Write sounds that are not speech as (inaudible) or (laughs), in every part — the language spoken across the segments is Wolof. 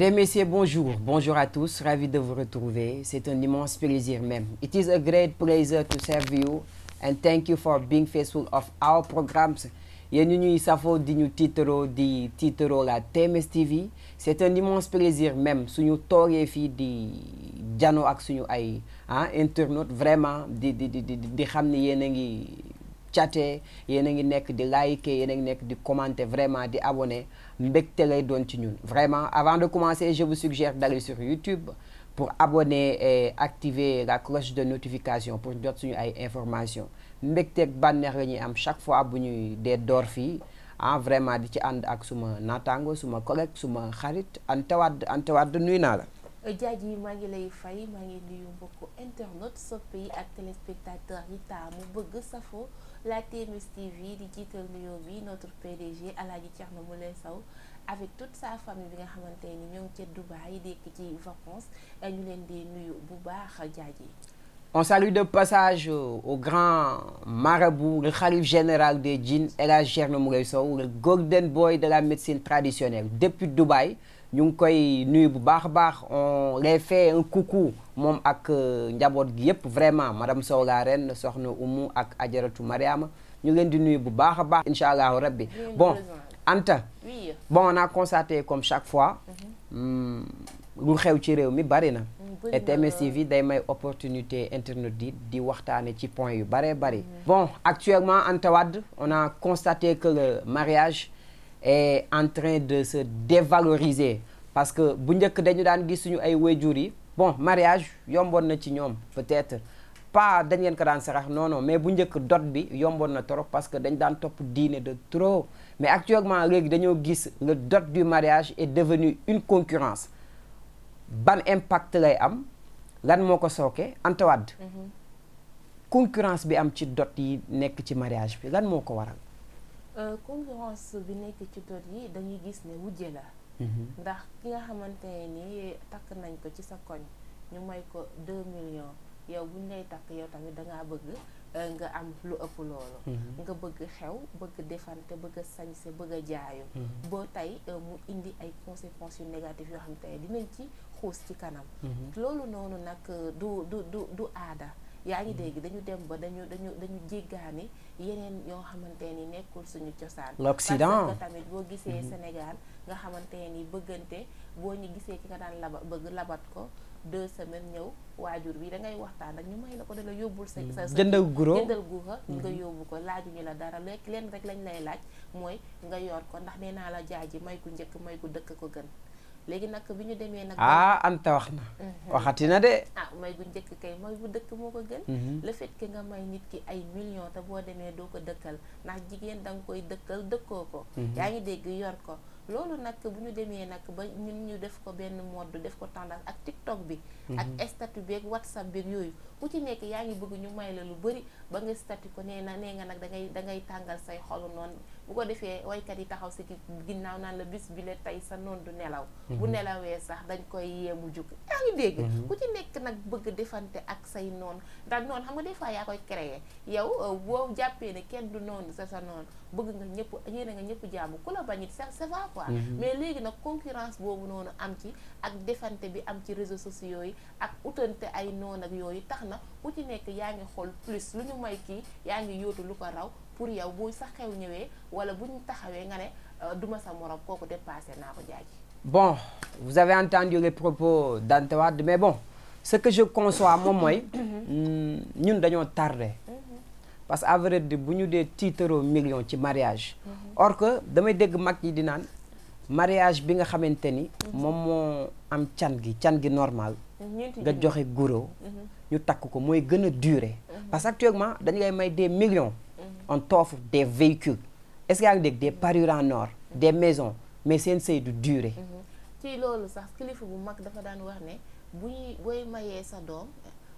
Mesdames, Messieurs, bonjour. Bonjour à tous. Ravi de vous retrouver. C'est un immense plaisir même. It is a great pleasure to serve you and thank you for being faithful of our programs. yéen ñu ñuy safoo di ñu tiitaroo di tiitaroo la TMS TV c'est un immense plaisir même suñu toogee fii di jano ak suñu ay ah internautes vraiment di di di di xam ni yéen a ngi chatter yéen a ngi nekk di liker yéen a ngi nekk di commenter vraiment di abonner te lay doon ci ñun vraiment avant de commencer je vous suggère d'aller sur YouTube pour abonner et activer la cloche de notification pour jot suñu ay information mbégteeg bànneex la ñuy am chaque fois bu ñuy dee door fii ah vraiment di ci ànd ak suma naataango suma collègue suma xarit Anta Wade Anta Wade nuyu naa la. jaaj yi maa ngi lay fay maa ngi nuyu mbokku internautes soppe yi ak téléspectateurs yi taamu bëgg safo la TMS TV di jiital nuyoo bi notre PDG Alaaji Thierno Moulay Sow avec toute sa famille bi nga xamante ni ñoo ngi ca Dubaï dekk ci vacances ñu leen di nuyu bu baax jaaji on salue de passage au grand marabout le khalife général des djinns El Hadj Thierno Moulay Sow le golden boy de la médecine traditionnelle depuis Dubaï ñu ngi koy nuyu bu baax a baax on les fait un coucou moom ak euh, njaboot gi yëpp vraiment madame Sow la reine soxna Umu ak Ajaratu Mariama ñu leen di nuyu bu baax a baax incha allahu rabbi bon Anta bon on a constaté comme chaque fois mm-hmm. lu xew ci réew mi bari na mm, et TMS TV day may opportunité internet di di waxtaane ci point yu bëree bëri mm-hmm. bon actuellement Anta on a constaté que le mariage est en train de se dévaloriser parce que bu njëkk dañu daan gis suñu ay waajur yi bon mariage yomboon na ci ñoom peut-être pas dañ leen ko daan sarax non mais bu njëkk dot bi yomboon na trop parce que dañ daan topp diine de trop mais actuellement léegi dañoo gis le dot du mariage est devenu une concurrence ban impact lay am lan moo ko sooke Anta mhm. concurrence bi am ci dot yi nekk ci mariage bi lan moo ko waral Euh, concurrence bi nekk ci dot yi dañuy gis ne wujje la mhm. ndax ki nga xamante ni takk nañ ko ci sa koñ ñu may ko deux millions yow bu ñu lay takk yow tamit dangaa bëgg euh, nga am lu ëpp loolu mhm. nga bëgg xew bëgg defante bëgg a sañse bëgg a jaayu mhm. boo tey euh, mu indi ay conséquences yu négatives yoo xam te dinañ ci xuus ci kanam loolu noonu nag du du du du aada yaa ngi dégg dañu dem ba dañu dañu dañu jéggaani yeneen yoo xamante ni nekkul suñu cosaan l'Occident tamit boo gisee mm-hmm. Sénégal nga xamante ni bëggante boo ñu gisee ki nga daan laba bëgg labat ko deux semaine ñëw waajur bi da ngay waxtaan ak ñu may la ko dala yóbbul sa sa jëndal guro jëndal guuxa mm-hmm. nga yóbbu ko laajuñu la dara lekk lenn rek lañ lay laaj mooy nga yor ko ndax nee naa la ji may ku njëkk may ku dëkk ko gën léegi nag bi ñu demee nag. ah Anta wax na. Mhm. waxati na de. ah may bu njëkk kay mooy bu dëkk moo ko gën. Mhm. le fait nga may nit ki ay million te boo demee doo ko dëkkal ndax jigéen da nga koy dëkkal dëkkoo ko. Mhm. yaa ngi dégg yor ko. loolu nag bu ñu demee nag ba ñun ñu def ko benn mode def ko tendance ak TikTok bi. ak statut bi ak WhatsApp bi yooyu. ku ci nekk yaa ngi bëgg ñu may la lu bëri ba nga statut ko nee na nee nga nag da ngay da ngay tàngal say xolu noonu. bu ko defee woykat yi taxaw si ginnaaw naan la bis bi la tey sa noon du nelaw mhm. bu nelawee sax dañ koy yeemu jug yaa ngi dégg mhm. ku ci nekk nag bëgg defante ak say noon ndax noonu xam nga des fois koy créer yow euh, boo jàppee ne kenn du noonu sa sa noonu bëgg nga ñëpp ñeene nga ñëpp jàmm ku la bañit ça ça va quoi mhm. mais léegi nag concurrence boobu noonu am ci ak defante bi am ci réseau sociaux yi ak utante ay noon ak yooyu tax na ku ci nekk yaa ngi xool plus lu ñu may kii yaa ngi yootu lu ko raw pour yow bu sa xew ñëwee wala bu ñu taxawee nga ne euh, duma sa morom kooku dépassé naa ko jaaji bon vous avez entendu les propos waa Wade mais bon ce que je conçois moom mooy (coughs) ñun dañoo tardé mm-hmm. parce que à vrai bu ñu dee tiitaroo million ci mariage mm-hmm. or que damay dégg mag ñi di naan mariage bi nga xamante ni mm-hmm. moom moo am can gi can gi normal nga joxe guro ñu takk ko mooy gën a durer parce que actuellement dañu lay may des millions on toofu des véhicules est-ce dégg des parures en or des maisons mais seen sëy du durer. ci loolu sax kilifa bu mag dafa daan wax ne buy booy mayee sa doom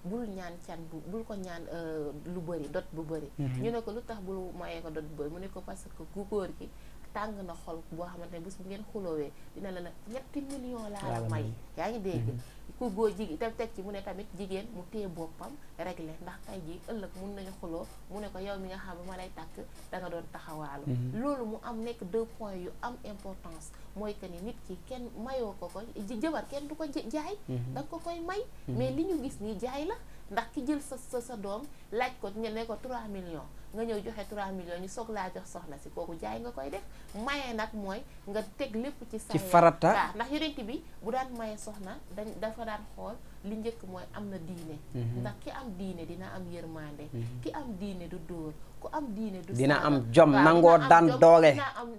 bul ñaan can bu bul ko ñaan euh, lu bëri dot bu bëri. Mhm. ñu ne ko lu tax bul mayee ko dot bu bëri mu ne ko parce que gu góor gi tàng na xol boo xamante ne bés bu ngeen xuloowee dina la la ñetti million laa la may yaa ngi dégg. Mhm. ku góor jigéen te teg ci mu ne tamit jigéen mu téye boppam réglé ndax tey jii ëllëg mun nañu xuloo mu ne ko yow mi nga xam ne ma lay takk da doon taxawaalu mhm. loolu mu am nekk deux point yu am importance mooy que ni nit ki kenn mayoo ko ko jabar kenn du ko jaay mhm. da nga ko koy may mhm. mais li ñu gis nii jaay la ndax ki jël sa sa sa doom laaj ko ne ko 3 millions nga ñëw joxe 3 millions ñu soog laa jox soxna si kooku jaay nga koy def maye nag mooy nga teg lépp ci sa ci farata waaw ndax yonent bi bu daan maye soxna dañ dafa daan xool li njëkk mooy am na diine mhm. ndax ki am diine dina am yërmande mhm. ki am diine du dóor ku am diine du dina am jom nangoo daan doole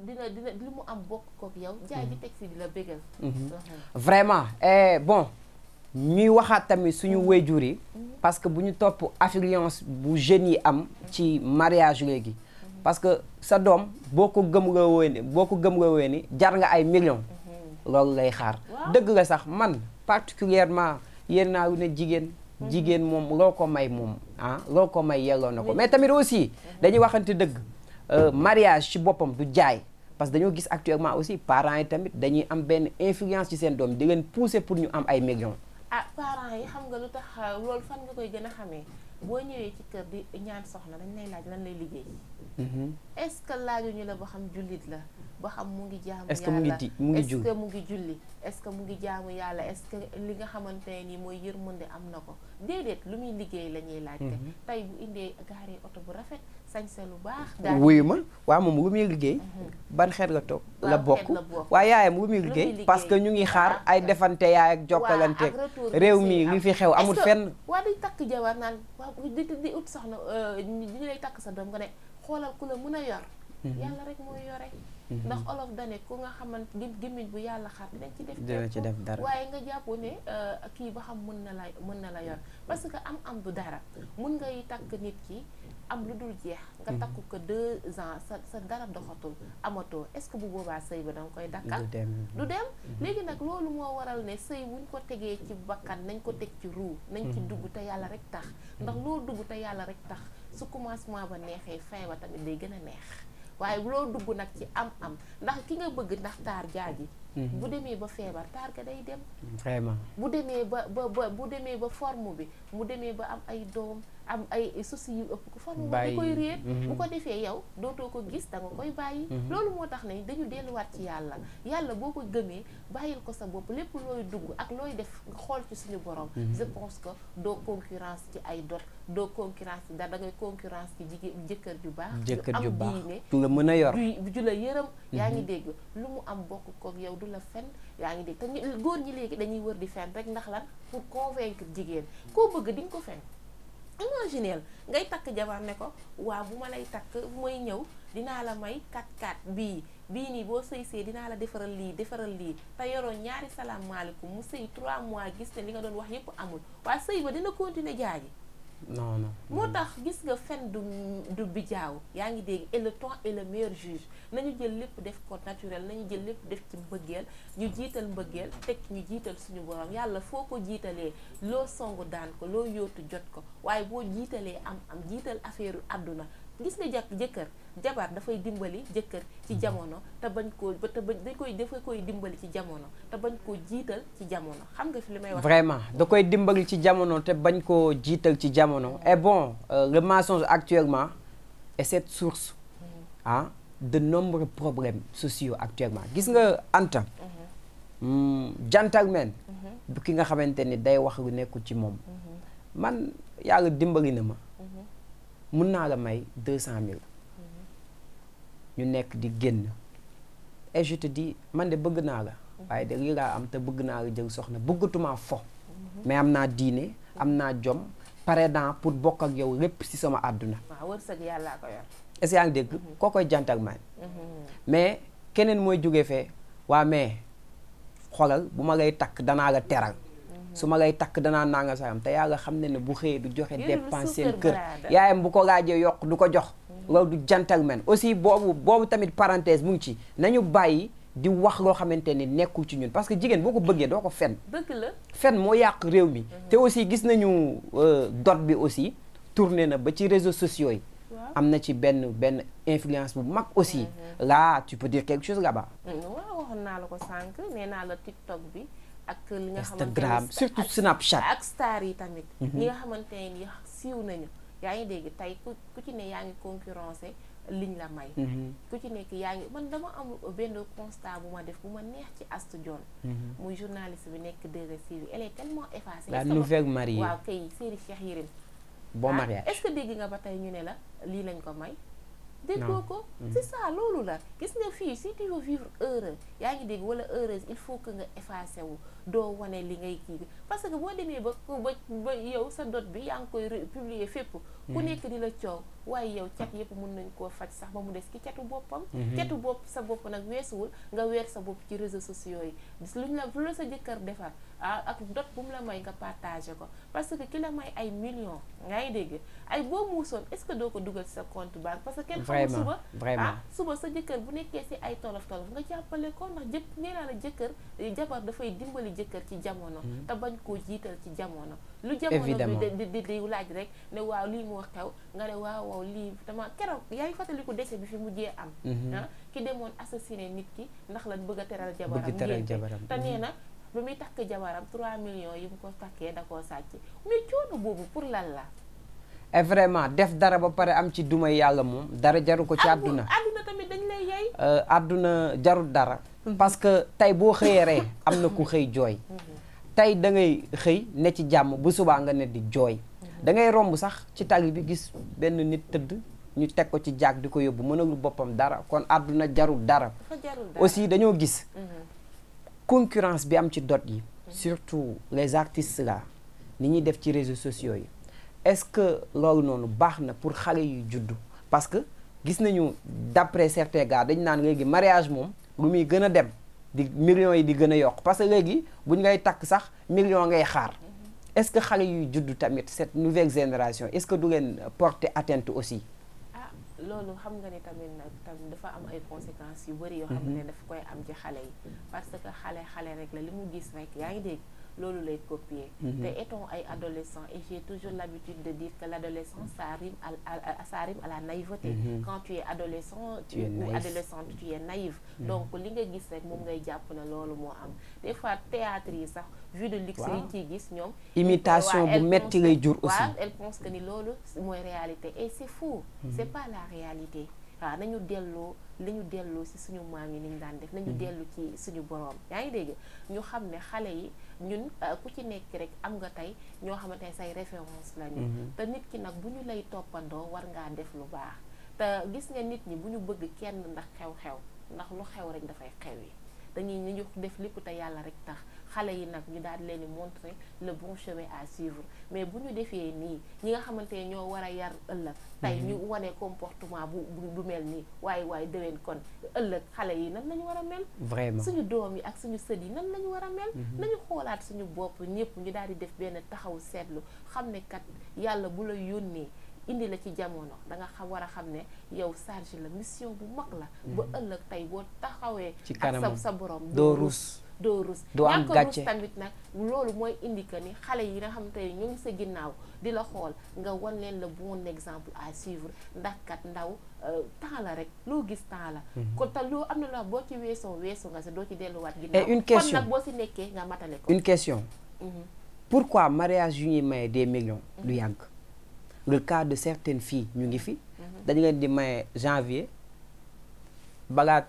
dina li mu am bokk kook yow jaay bi mhm. teg si di la bégal vraiment eh, bon ñuy waxaat tamit suñu wéjur yi parce que bu ñu topp affluence bu jeunes yi am ci mariage léegi parce que sa doom boo ko gëm la wéeni boo ko gëm la wéeni jar nga ay millions loolu lay xaar dëgg la sax man particulièrement yéen naa lu ne jigéen mhm. jigéen moom loo ko may moom ah loo ko may yelloo na ko mais tamit aussi dañuy waxante dëgg euh, mariage ci boppam du jaay parce que dañoo gis actuellement aussi parent yi tamit dañuy am benn influence ci seen doom di leen pousser pour ñu am ay millions ah parent yi xam nga lu tax ah, loolu fan nga koy gën a xamee boo ñëwee ci kër di ñaan soxna dañ lay laaj lan lay liggéey. Mm-hmm. est-ce que laajuñu la ba xam jullit la ba xam mu ngi jaamu. yàlla est-ce mu ngi di mu ngi julli est-ce que mu ngi julli yàlla est-ce que li nga xamante ne nii mooy yërmande am na ko déedéet lu muy liggéey la ñuy laajte. Mm-hmm. tey bu indee gaaree oto bu rafet. sañse lu baax. wuyu ma waa moom bu muy liggéey. Mhm. ban xeet la toog. la bokk waaye yaayam bu muy liggéey. parce que ñu ngi xaar ay defante yaay ak jokkalanteeg. réew mi li fi xew amul fenn. waa di takk jabar naan waaw di di ut soxna euh, ñu lay takk sa doom nga ne xoolal ku la mën a yor. Mhm. Mhm. ndax olof dane ku nga xamant gémmiñ bu yàlla xar nañ ci def dinañ ci def dara waaye nga jàpp ne euh, kii ba xam mën na la mën na la yor mhm. parce que am am du dara mun ngay takk nit ki am lu dul jeex nga mhm. takk ko deux ans sa sa dara doxatul amatoo est-ce que bu boobaa sëy ba danga koy dakkal du dem léegi nag loolu moo waral ne sëy wuñ ko tegee ci bakkan nañ ko teg ci ruu nañ ci dugg te yàlla rek tax ndax loo dugg te yàlla rek tax su commencement ba neexee fin ba tamit day gën a neex waaye loo dugg nag ci am-am ndax ki nga bëgg ndax taar jaaji mhm. bu demee ba feebar taar ga day dem. vraiment bu demee ba ba bu demee ba forme bi mu demee ba am ay doom am ay soucis yu ëpp ko forme bi koy réer mhm. bu ko defee yow dootoo ko gis da nga koy bàyyi mhm. loolu moo tax ne dañu delluwaat ci yàlla yàlla boo ko gëmee bàyyil ko sa bopp lépp looy dugg ak looy def xool ci suñu borom je pense que doo concurrence ci ay dot doo concurrence dara da ngay concurrence ci jigéen jëkkër ju baax. jëkkër ju baax ju la mën a yor ju la yërëm. Mhm. yaa ngi dégg lu mu am bokk kook yow du la fen yaa ngi dégg te góor ñi léegi dañuy wër di fen rek ndax lan pour convaincre jigéen koo bëgg di nga ko fen. imagineel ngay takk jabar ne ko waaw bu ma lay takk mooy ñëw dinaa la may 4-4 bii bii nii boo sëy see dinaa la defaral lii defaral lii te yoroon ñaari salaamaaleykum mu sëy 3 mois gis li nga doon wax yépp amul waaye sëy ba dina continuer jaaji noonu moo tax gis nga fen du du bijaaw yaa ngi dégg et le juge nañu jël lépp def ko naturel nañu jël lépp def ci mbëggeel ñu jiital mbëggeel teg ñu jiital suñu borom yàlla foo ko jiitalee loo songu daan ko loo yootu jot ko waaye boo jiitalee am am jiital affaire àdduna gis nga jàkk jëkkër jabar dafay dimbali jëkkër ci jamono te bañ koo te bañ dañ koy dafa koy dimbali ci jamono te bañ koo jiital ci jamono xam nga fi li vraiment da koy dimbali ci jamono te bañ koo jiital ci jamono et bon euh, le mensonge actuellement est cette source ah de nombreux problèmes sociaux actuellement gis nga Anta. Mm-hmm. Mm, gentleman du mm-hmm. nga xamante ni day wax lu nekkul ci moom. man yàlla dimbali na ma. mun naa la may deux cent mille ñu nekk di génn et je te dis man de bëgg naa la waaye de lii laa am te bëgg naa la jël soxna bëggatumaa fo mais am naa diine am naa jom pare naa pour bokk ak yow lépp ci sama àdduna waaw wërsëg yàllaa dégg mm-hmm. koo koy gentleman mm-hmm. mais keneen mooy jóge fee waa mais xoolal bu ma lay takk danaa la teral su ma lay takk danaa nanga saayam te yàlla xam ne ne bu xëyee du joxe dépense seen kër yaayam bu ko laajee yokk du ko jox loolu du gentleman aussi boobu boobu tamit parenthèse mu ngi ci nañu bàyyi di wax loo xamante ni nekkul ci ñun parce que jigéen boo ko bëggee doo ko fen la fen moo yàq réew mi mhm. te aussi gis nañu euh, dot bi aussi tourné na ba ci réseau sociaux yi am na ci benn benn influence bu mag aussi mhm. là tu peux mm, bi ak li nga xamante Instagram surtout Snapchat ak star yi tamit. Mhm. li nga xamante ne nii siiw nañu. yaa ngi dégg tey ku ku ci ne yaa ngi concurrencé liñ la may. Mhm. ku ci nekk yaa ngi man dama am benn constat bu ma def bu ma neex ci Astou Dione. Mhm. muy journaliste bi nekk 2STV elle est tellement effacée. la nouvelle mariée waaw kay Serigne Cheikh bon ah, mariage est dégg nga ba tey ñu ne la lii lañ ko may. déggoo ko mm-hmm. c'est ça loolu la gis nga fii si tu veux vivre heureux yaa ngi dégg wala heureuse il faut que nga effacé wu doo wane li ngay kii parce que boo demee ba ba ba yow sa dot bi yaa ngi koy publier fépp ku mm-hmm. nekk di la coow waaye yow cat yëpp mun nañ koo faj sax ba mu des ki catu boppam mm-hmm. catu bopp sa bopp nag weesuwul nga weer sa bopp ci réseaux sociaux yi luñ la lu la sa jëkkër defar Ah, ak dot bu mu la may nga partagé ko parce que ki la may ay millions ngay dégg ay boo muusoon est ce que doo ko dugal sa compte banque parce que kenn xamul suba ah suba sa jëkkër bu nekkee si ay tolof tolof nga jàppale ko ndax jëkk nee naa la jëkkër eh, jabar dafay dimbali jëkkër ci jamono hmm. te bañ koo jiital ci jamono lu jamono bi di di laaj rek ne waaw lii moo xew nga ne waaw waaw lii dama keroog yaa ngi fàttaliku décès bi fi mujjee am hmm. ah, ki demoon assassiné nit ki ndax la bëgg a teral jabaram te nee na hmm. bi muy takk jabaram 3 millions yi mu ko takkee da koo sàcc mais coono boobu pour lan la. et vraiment def dara ba pare am ci dumay yàlla moom dara jaru ko ci àdduna àdduna tamit dañ lay yey euh, àdduna jarul dara mhm. parce que tey boo xëyee ree (laughs) am na ku xëy jooy mhm. tey da ngay xëy ne ci jàmm bu subaa nga ne di jooy mhm. da ngay romb sax ci tàgg bi gis benn nit tëdd ñu teg ko ci jaag di ko yóbbu mënalul boppam dara kon àdduna jarul dara aussi dañoo gis concurrence bi am ci dot yi surtout les artistes la ni ñuy def ci réseau sociaux yi est-ce que loolu noonu baax na pour xale yu juddu parce que gis nañu d'après certains gars dañ naan léegi mariage moom lu muy gën a dem di millions yi di gën a yokk parce que léegi bu buñ ngay takk sax millions ngay xaar mm-hmm. est-ce que xale yuy juddu tamit cette nouvelle génération est-ce que du leen porter atteinte aussi loolu xam nga ni tamit nag tam dafa am ay conséquences yu bëri yoo mhm. xam ne daf koy am ci xale yi parce que xale xale rek la li mu gis rek yaa ngi dégg loolu lay copier mhm. te étant ay adolescent et j'ai toujours l'habitude de dire que l'adolescence ça rime à ça rime à la naïveté mhm. quand tu es adolescent tu ou adolescente tu es naïve mhm. donc li nga gis rek moom ngay jàpp na loolu moo am des fois théâtre yi sax vu de luxe yi ciy gis ñoom imitation bu metti ngay jur aussi waaw elle pense que ni loolu mooy réalité et c'est fou c'est pas la réalité waaw nañu delloo li ñu delloo ci suñu maam yi niñ daan def nañu dellu ci suñu boroom yaa ngi dégg ñu xam ne xale yi ñun euh, ku ci nekk rek am nga tey ñoo xamante ne say référence lañu mhm. te nit ki nag bu ñu lay toppandoo war ngaa def lu baax te gis nga nit ñi bu ñu bëgg kenn ndax xew-xew ndax lu xew rek dafay xew yi dañuy ñu jox def lépp te yàlla rek tax xale yi nag ñu daal di leen di montrer le bon chemin à suivre mais bu ñu defee nii ñi nga xamante ne ñoo war a yar ëllëg tey mhm. ñu wane comportement bu bu mel nii waaye waaye déwén kon ëllëg xale yi nan lañu war a mel vraiment suñu doom yi ak suñu sët yi nan lañu war a mel mhm. nañu xoolaat suñu bopp ñëpp ñu daal di def benn taxaw seetlu xam ne kat yàlla bu la yónnee indi la ci jamono da nga xam war a xam ne yow sarge la mission bu mag la. ba mm-hmm. ëllëg tey boo taxawee. ci kanam sa borom doo ruus. doo rus ñàkk rus tamit nag loolu mooy indi que ni xale yi nga xam ne ñoo ngi sa ginnaaw di la xool nga wan leen le bon exemple à suivre ndax kat ndaw euh, temps la rek loo gis temps la mm-hmm. kon te loo am na loo boo ci weesoo weesu nga sa doo ci delluwaat ginnaaw une question kon nag boo si nekkee nga matale ko une question mm-hmm. pourquoi mariage yu ñuy maye des lu yàgg le cas de certaines filles ñu ngi fi. Mhm. dañu leen di maye janvier balaa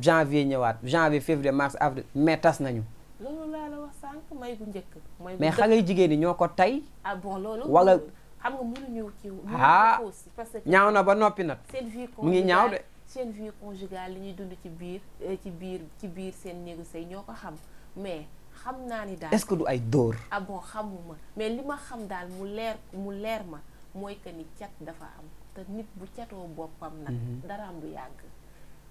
janvier ñëwaat janvier février mars avril mais tas nañu. loolu laa la wax sànq may bu njëkk. mais xale yu jigéen ñi ñoo ko tey. ah bon loolu wala. xam nga mënuñu ci ah parce que ñaaw na ba noppi nag. seen vie mu ngi ñaaw de. seen vie conjugale li ñuy dund ci biir eh, ci biir ci biir seen néegu sëy ñoo ko xam mais xam naa ni daal. est du ay dóor. ah bon xamuma mais li ma xam daal mu leer mu leer ma. mooy que ni cat dafa am te nit bu catoo boppam nag mhm. am du yàgg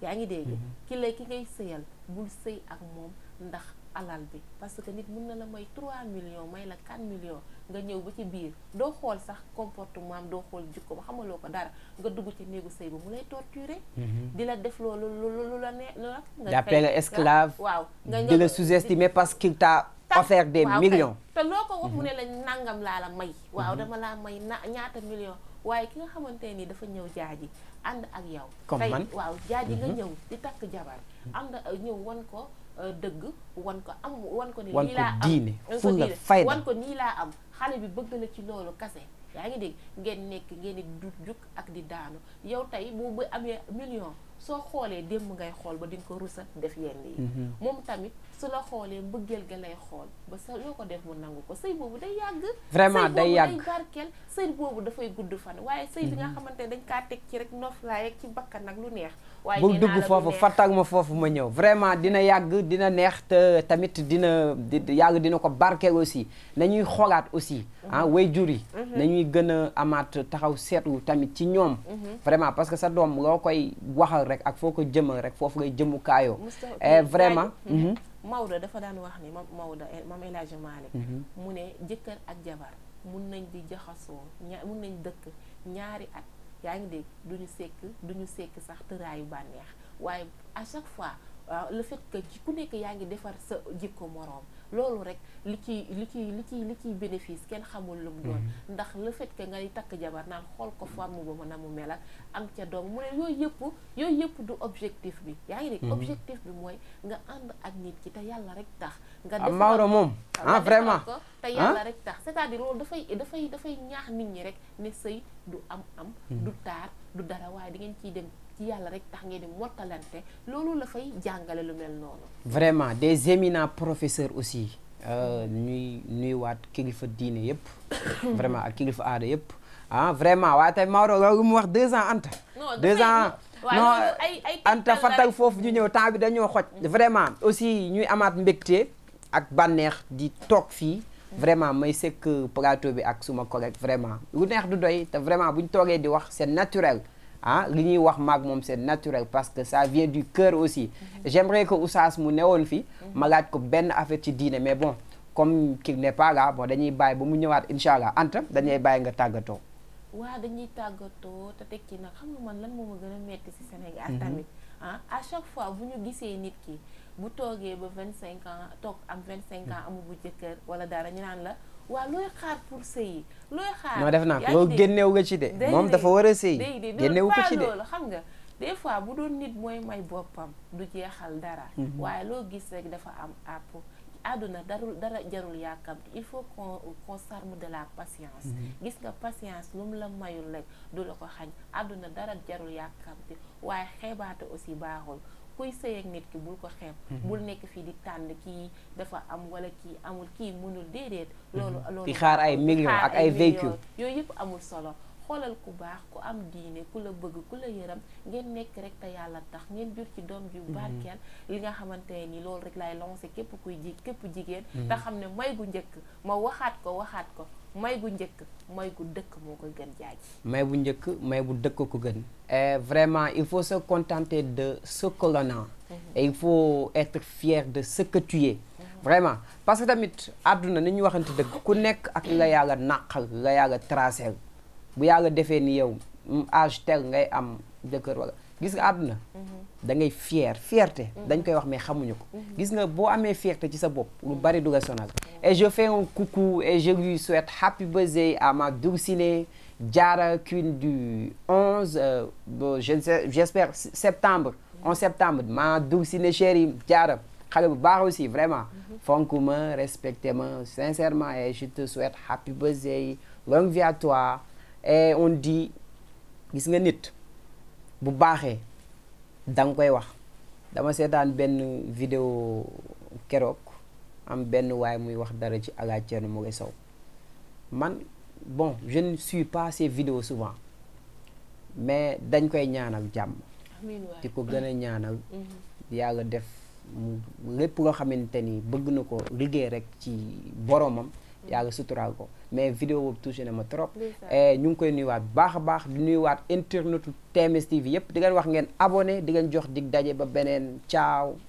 yaa ngi dégg mhm. ki ki ngay sëyal bul sëy ak moom ndax alal bi parce que nit mun na la may 3 millions may la 4 millions nga ñëw ba ci biir doo xool sax comportement am doo xool jikko ma xamaloo ko dara nga dugg ci néegu sëy ba mu lay torturer. Mhm. di la def loolu lu la ne la. nga la esclave. waaw nga di la sous-estimer parce qu'il t'a offert des millions. te loo ko wax mu ne mhm. la nangam laa la may waaw mhm. dama laa may na ñaata million waaye ki nga xamante ni dafa ñëw jaaji ànd ak yow tey waaw jaar ji nga mhm. ñëw di takk jabar ànd euh, ñëw wan ko euh, dëgg wan ko am wan ko ni lii laa am diine fu ko nii laa am xale bi bëgg la ci loolu kase yaa ngi dégg ngeen nekk ngeen di du juk ak di daanu yow tey bu bu amee million soo xoolee démb ngay xool ba dinga ko rusa def yenn yi moom tamit su la xoolee mbëggeel ga lay xool ba sa loo ko def mu nangu ko sëy boobu day yàgg vraiment day yàgg day barkeel sëy boobu dafay gudd fan waaye sëy bi nga mhm. xamante dañ kaa teg ci rek noflaay ak ci bakkan nag lu neex waaye bul dugg foofu fattag ma foofu ma ñëw vraiment dina yàgg dina neex te tamit dina yàgg dina ko barkeel aussi nañuy xoolaat aussi mhm. ah way jur yi mhm. nañuy gën a amaat taxaw seetu tamit ci ñoom vraiment parce que sa doom loo koy waxal rek ak foo ko jëmal rek foofu ngay jëmmukaayoo et eh, vraiment Maodo dafa daan wax ni ma Maodo eh, Maam El Hadji Malick mhm. mu ne jëkkër ak jabar mun nañ di jaxasoo ña mun nañ dëkk ñaari at yaa ngi dégg ñu sekk duñu sekk sax tëraayu bànneex waaye à chaque fois waaw le fait que ci ku nekk yaa ngi defar sa jikko moroom loolu rek li ci li ci li ci li ciy bénéfice kenn xamul lu doon mm-hmm. ndax le fait que ngay takk jabar naa xool ko forme ba mën a mu mel ak am ca doom mu ne yooyu yëpp yooyu yëpp du objectif bi yaa ngi dégg mm-hmm. objectif bi mooy nga ànd ak nit ki te yàlla rek tax nga ah, def Maodo moom ah vraiment ko te ah? yàlla rek tax c'est-à-dire loolu dafay dafay dafay ñaax nit ñi rek ne sëy du am am mm-hmm. du taar du dara waaye di ngeen ciy dem yàlla rek tax ngeen di mottalante loolu la fay jàngale lu mel noonu. vraiment des éminents professeurs aussi euh, ñuy nuyuwaat kilifa diine yëpp. (coughs) vraiment ak kilifa aada yëpp. ah vraiment waaye tey Maodo loolu mu wax deux ans Anta. deux ans non Anta fatal foofu ñu ñëw temps bi dañoo xoj. vraiment aussi ñuy amaat mbégte ak bànneex di toog fii. vraiment may sekk plateau bi ak suma collègue vraiment lu neex du doy te vraiment bu ñu toogee di wax seen naturel. ah li ñuy wax maak moom seen naturel parce que ça vient du cœur aussi mm-hmm. j'aimerais que Oustaz mu newoon fi ma mm-hmm. laaj ko benn affaire ci diine mais bon comme qu'il n'est pas là bon dañuy bàyyi ba mu ñëwaat incha allah Anta dañuy bàyyi nga tàggatoo waaw dañuy tàggatoo te teg ci nag xam nga man lan moo ma gën a metti ci Sénégal mm-hmm. tamit ah à chaque fois bu ñu gisee nit ki bu toogee ba vingt cinq ans toog am vingt cinq ans amu bu jëkkër wala dara ñu naan la waa looy xaar pour sëyi looy xaar non def naa ko loolu génnewu nga ci de moom dafa war a sëyi génnewu ko ci de loolu xam nga des fois bu doon nit mooy may boppam du jeexal dara mhm. waaye loo gis rek dafa am àpp àdduna darul dara jarul yàkkamti il faut qu'on qu'on de la patience mhm. gis nga patience lu mu la mayul rek du la ko xañ àdduna dara jarul yàkkamti waaye xeebaate aussi baaxul kuy sëy ak nit ki bul ko xeeb mhm. bul nekk fii di tànn kii dafa am wala kii amul kii mënul déedéet mhm. loolu loolu xaar ay millions ak ay véhicules yooyu yëpp amul solo xoolal ku baax ku am diine ku la bëgg ku la yëram ngeen nekk rek te yàlla tax ngeen jur ci doom ju mhm. barkeel li nga xamante nii loolu rek laay lancé képp kuy ji képp jigéen ndax xam ne may gu njëkk ma waxaat ko waxaat ko may bu njëkk may gu dëkk moo ko gën jaaj may bu njëkk may bu dëkk ko gën vraiment il faut sa contenter de ce que l'on mhm. il faut être fier de ce que mhm. vraiment parce que tamit àdduna ni ñu waxante dëkk ku nekk ak la yàlla naqal la yàlla tracel bu yàlla defee ni yow mm, âge ngay am jëkkër wala gis nga àdduna mhm. da ngay fier fierté dañ koy wax mais xamuñu ko gis nga boo amee fierté ci sa bopp lu bari du la sonal Et je fais un coucou et je lui souhaite happy birthday à ma dulcinée Diara Queen du 11, euh, bon, j'espère septembre, 11 septembre. Ma dulcinée chérie Diara, xale bu baax aussi vraiment. Mhm. fonk ma respecté ma sincèrement et je te souhaite happy birthday longue vie toi et on dit gis nga nit bu baaxe da nga koy wax dama seetaan benn vidéo keroog. am benn waay muy wax dara ci Alaaji Thierno Moule Sow man bon je ne suis pas ces vidéos souvent mais dañ koy ñaanal jàmm di ko gën a ñaanal mhm. yàlla def lépp loo xamante ni bëgg na ko liggéey rek ci boromam mhm. yàlla suturaal ko mais vidéo boobu touché na ma trop ñu ngi koy nuyuwaat bu baax a baax di nuyuwaat internetu TMS TV yëpp di leen wax ngeen abonné di leen jox dig daje ba beneen caaw